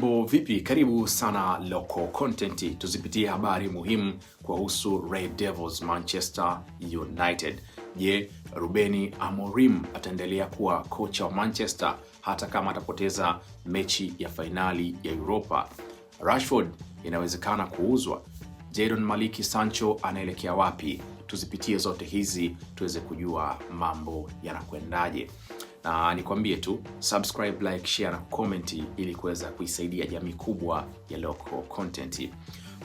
Mambo vipi? Karibu sana Local Content, tuzipitie habari muhimu kuhusu Red Devils Manchester United. Je, Rubeni Amorim ataendelea kuwa kocha wa Manchester hata kama atapoteza mechi ya fainali ya Europa? Rashford inawezekana kuuzwa. Jadon Maliki Sancho anaelekea wapi? Tuzipitie zote hizi tuweze kujua mambo yanakwendaje na ah, nikwambie tu subscribe, like, share na comment ili kuweza kuisaidia jamii kubwa ya local content.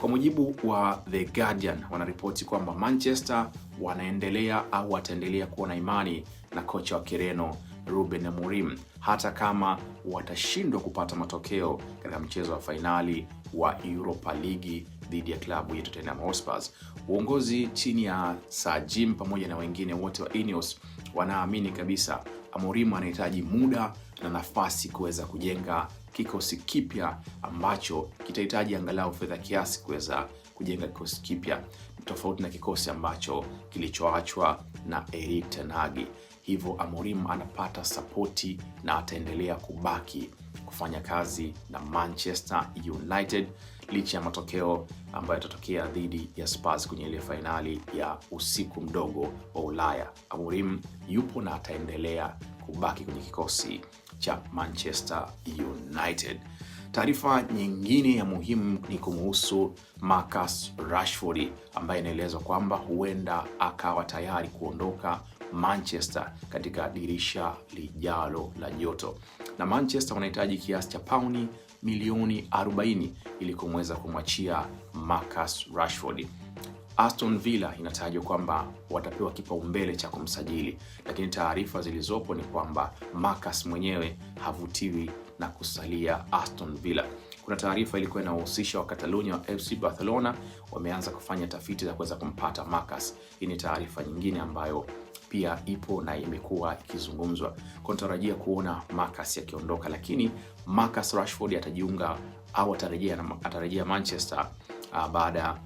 Kwa mujibu wa The Guardian, wanaripoti kwamba Manchester wanaendelea au wataendelea kuwa na imani na kocha wa Kireno Ruben Amorim hata kama watashindwa kupata matokeo katika mchezo wa fainali wa Europa Ligi dhidi ya klabu ya Tottenham Hotspur. Uongozi chini ya Sir Jim pamoja na wengine wote wa Ineos wanaamini kabisa Amorim anahitaji muda na nafasi kuweza kujenga kikosi kipya ambacho kitahitaji angalau fedha kiasi kuweza kujenga kikosi kipya tofauti na kikosi ambacho kilichoachwa na Erik ten Hag. Hivyo Amorim anapata sapoti na ataendelea kubaki kufanya kazi na Manchester United licha ya matokeo ambayo yatatokea dhidi ya Spurs kwenye ile fainali ya usiku mdogo wa Ulaya. Amorim yupo na ataendelea kubaki kwenye kikosi cha Manchester United. Taarifa nyingine ya muhimu ni kumuhusu Marcus Rashford ambaye inaelezwa kwamba huenda akawa tayari kuondoka Manchester katika dirisha lijalo la joto, na Manchester wanahitaji kiasi cha pauni milioni 40 ili kumweza kumwachia Marcus Rashford. Aston Villa inatajwa kwamba watapewa kipaumbele cha kumsajili, lakini taarifa zilizopo ni kwamba Marcus mwenyewe havutiwi na kusalia Aston Villa. Kuna taarifa ilikuwa inahusisha Wakatalunya wa FC Barcelona wameanza kufanya tafiti za kuweza kumpata Marcus. Hii ni taarifa nyingine ambayo pia ipo na imekuwa ikizungumzwa. kunatarajia kuona Marcus akiondoka, lakini Marcus Rashford atajiunga au atarejea atarejea Manchester uh, baada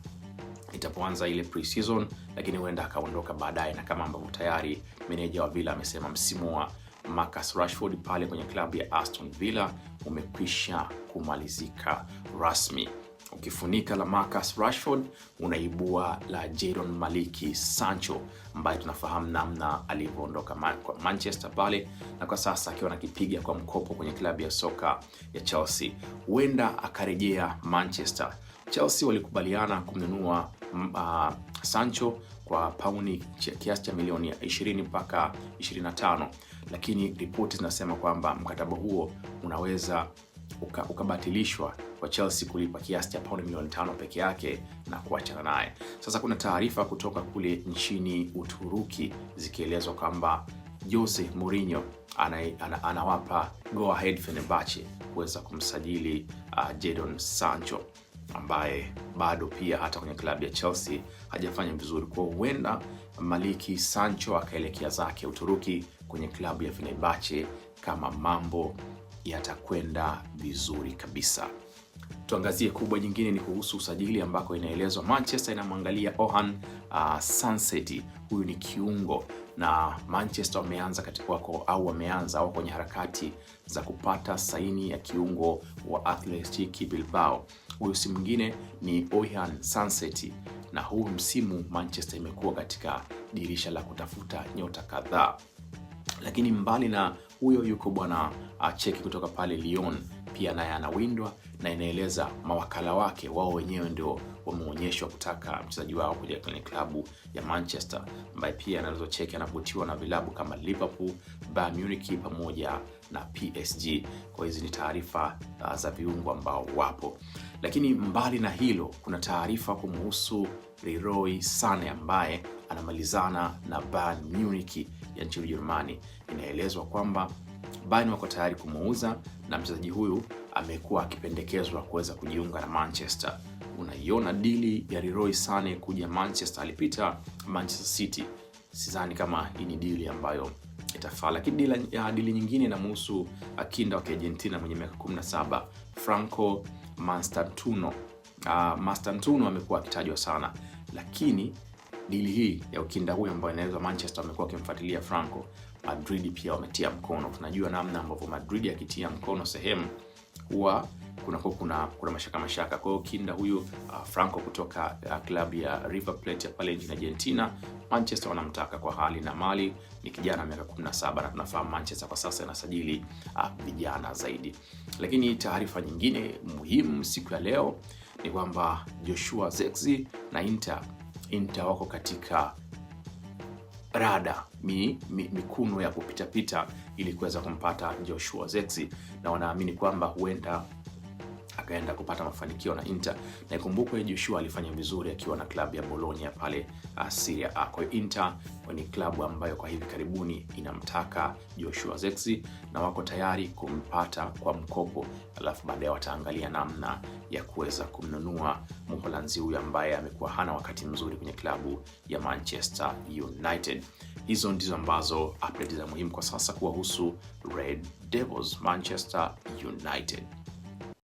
itapoanza ile pre-season, lakini huenda akaondoka baadaye, na kama ambavyo tayari meneja wa Villa amesema msimu wa Marcus Rashford pale kwenye klabu ya Aston Villa umekwisha kumalizika rasmi. Ukifunika la Marcus Rashford unaibua la Jadon Maliki Sancho ambaye tunafahamu namna alivyoondoka kwa Manchester pale na kwa sasa akiwa anakipiga kwa mkopo kwenye klabu ya soka ya Chelsea. Huenda akarejea Manchester. Chelsea walikubaliana kumnunua uh, Sancho kwa pauni kiasi cha milioni 20 mpaka 25, lakini ripoti zinasema kwamba mkataba huo unaweza ukabatilishwa kwa Chelsea kulipa kiasi cha pauni milioni tano peke yake na kuachana naye. Sasa kuna taarifa kutoka kule nchini Uturuki zikielezwa kwamba Jose Mourinho ana, anawapa go ahead Fenerbahce kuweza kumsajili uh, Jadon Sancho ambaye bado pia hata kwenye klabu ya Chelsea hajafanya vizuri, kwa huenda maliki Sancho akaelekea zake Uturuki kwenye klabu ya Fenerbahce kama mambo yatakwenda vizuri kabisa. Tuangazie kubwa nyingine ni kuhusu usajili ambako inaelezwa Manchester inamwangalia ohan uh, Sanset. Huyu ni kiungo na Manchester wameanza katika wako au wameanza au kwenye harakati za kupata saini ya kiungo wa Athletic Bilbao. Huyu si mwingine ni ohan Sanset, na huu msimu Manchester imekuwa katika dirisha la kutafuta nyota kadhaa. Lakini mbali na huyo, yuko bwana ah, Cheki kutoka pale Lyon pia naye anawindwa na inaeleza mawakala wake wao wenyewe ndio wameonyeshwa kutaka mchezaji wao kuja kwenye klabu ya Manchester, ambaye pia anaelezwa Cheki anavutiwa na vilabu kama Liverpool, Bayern Munich pamoja na PSG. Kwa hizi ni taarifa uh, za viungo ambao wapo, lakini mbali na hilo, kuna taarifa kumhusu Leroy Sane ambaye anamalizana na Bayern Munich ya nchini Ujerumani. Inaelezwa kwamba Bayern wako tayari kumuuza na mchezaji huyu amekuwa akipendekezwa kuweza kujiunga na Manchester. Unaiona dili ya Leroy Sane kuja Manchester, alipita Manchester City. Sidhani kama hii ni dili ambayo itafaa, lakini dili, ya dili nyingine inamhusu akinda wa Kiargentina mwenye miaka 17 Franco Mastantuno. Uh, ah, Mastantuno amekuwa akitajwa sana lakini dili hii ya ukinda huyu ambayo inaweza Manchester wamekuwa wakimfuatilia Franco, Madrid pia wametia mkono. Tunajua namna ambavyo Madrid akitia mkono sehemu huwa kuna kuna kuna mashaka mashaka. Kwa hiyo kinda huyu uh, Franco kutoka uh, klabu ya River Plate ya pale nchini Argentina, Manchester wanamtaka kwa hali na mali. Ni kijana miaka 17 na tunafahamu Manchester kwa sasa inasajili uh, vijana uh, zaidi. Lakini taarifa nyingine muhimu siku ya leo ni kwamba Joshua Zexi na Inter Inter wako katika rada mi, mi, mikuno ya kupitapita ili kuweza kumpata Joshua Zexi, na wanaamini kwamba huenda akaenda kupata mafanikio na Inter, na ikumbukwe Joshua alifanya vizuri akiwa na klabu ya Bologna pale ah, Serie A. Kwa hiyo Inter ni klabu ambayo kwa hivi karibuni inamtaka Joshua Zexi na wako tayari kumpata kwa mkopo, alafu baadaye wataangalia namna ya kuweza kumnunua Mholanzi huyu ambaye amekuwa hana wakati mzuri kwenye klabu ya Manchester United. Hizo ndizo ambazo update za muhimu kwa sasa kuwahusu Red Devils Manchester United.